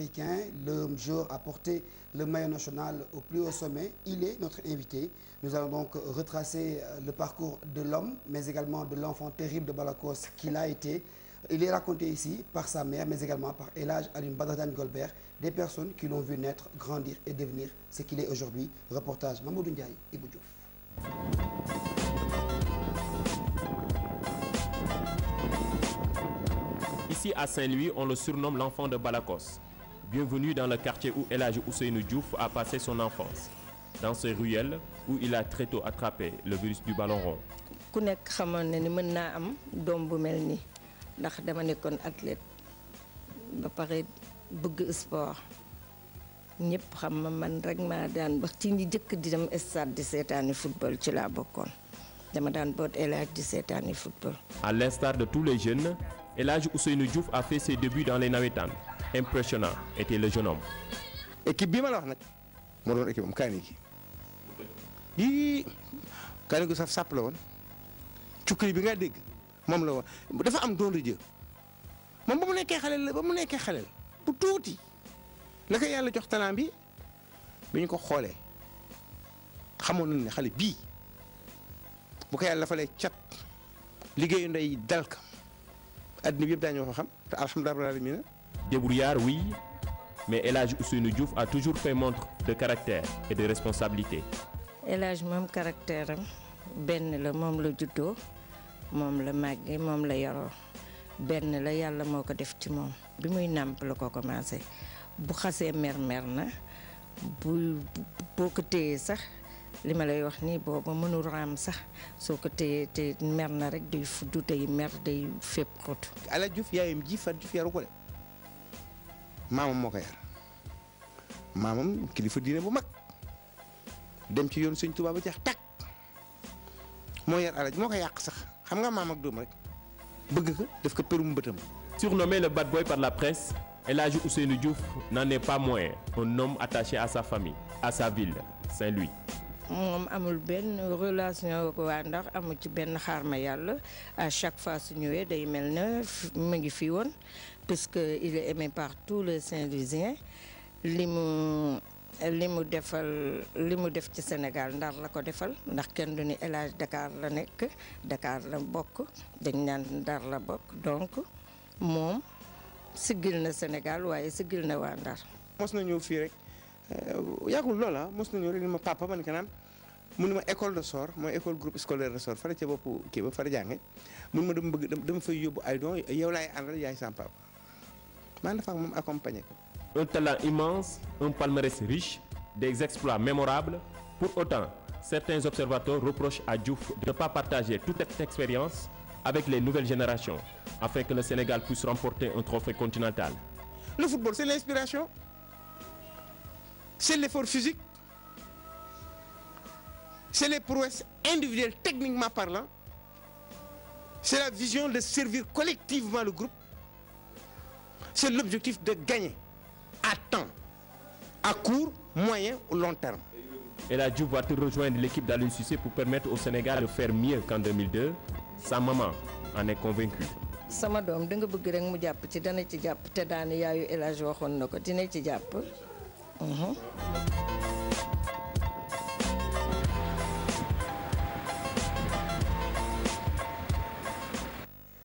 pékin, le jeu a porté le maillot national au plus haut sommet. Il est notre invité. Nous allons donc retracer euh, le parcours de l'homme, mais également de l'enfant terrible de Balakos qu'il a été. Il est raconté ici par sa mère, mais également par Elage Alim Badadane Golbert, des personnes qui l'ont vu naître, grandir et devenir ce aujourd'hui. Reportage Mamoudou Ndiaye et Boudjouf. de Balakos. Bienvenue dans le quartier où El Hadji Ousseynou Diouf a passé son enfance. Dans se ruelles où il a très tôt attrapé le virus du ballon rond. ku nekk xamoon na ni mën naa am doom bu mel nii ndax dama nekkoon athlète ba pare bëgg sport ñëpp xam ma man rek maa daan ba ci ñi jëkk di dem stade di seetaani football ci laa bokkoon dama daan boot El Hadji di seetaani football. À l'instar de tous les jeunes, El Hadji Ousseynou Diouf a fait ses débuts dans les navétanes. impressionnant était équipe bii ma la wax nag moo doon équipe am kaani gi kaani gu saf sàpp la woon cukkali bi nga dégg moom la woon dafa am don de moom ba mu nekkee xaleel la ba mu nekkee xaleel bu tuuti la ko yàlla jox talent bi bi ñu ko xoolee xamoon nañ ne xale bii bu ko yàlla dafalee cat liggéeyu ndey dal ka bi yëpp daañu ko xam te alhamdulilah rabbil alamin Débrouillard, oui, mais Elhaj Ousseynou Diouf a toujours fait montre de caractère et de responsabilité. Elhaj moom caractère benn la moom la juddoo moom la màggee moom la yaroo benn la yàlla moo ko def ci moom bi muy nàmp la ko commencé bu xasee mer-mer na bu boo ko téyee sax li ma lay wax nii booba mënul raam sax soo ko téyee te mer na rek day fudd day mer day fépp xóot. Alaaji Diouf yaayam ji Fatou Diouf yaru ko de. maamam moo ko yar maamam kilifa diine bu mag dem ci yoon sëñ Tuubaa ba jeex tàkk moo yar alaj moo ko yàq sax xam nga maam ak doom rek bëgg ko def ko përum bëtam. Surnommé le bad boy par la presse El Hadji Ousseynou Diouf n'en est pas moins un homme attaché à sa famille à sa ville Saint-Louis. moom amul benn relation ak waa Ndar amul ci benn xaar ma yàlla à chaque fois su ñëwee day mel na mu ngi fi woon puisque il est aimé par tous les Saint-Louisiens li mu li mu defal li mu def ci Sénégal Ndar la ko defal ndax kenn du ni El Hadj la nekk Dakar la bokk dañ naan Ndar la bokk donc moom siggil na Sénégal waaye siggil na waa Ndar. mos na ñëw fii rek. Euh, yàggul loola ah. mos nañu rek ni ma papa man kanam mun ma école de sort mooy école groupe scolaire de sort fara ca boppu kii ba fara jànge mun ma dama bëgg dama fay yóbbu ay don yow laay àndal yaay sama papa maa dafa ak mom accompagné ko. un talent immense un palmarès riche des exploits mémorables pour autant certains observateurs reprochent à Diouf de ne pas partager toute cette expérience avec les nouvelles générations afin que le Sénégal puisse remporter un trophée continental. le c'est l'effort physique c'est les prouesses individuelles techniquement parlant c'est la vision de servir collectivement le groupe c'est l'objectif de gagner à temps à court moyen ou long terme El Hadji va-t-il rejoindre l'équipe d'Aliou Cissé pour permettre au Sénégal de faire mieux qu'en sa maman en est convaincue sama doom da nga bëgg rek mu jàpp ci dana ci jàpp te daani yaayu El Hadji waxoon na ko dina ci jàpp Mm-hmm.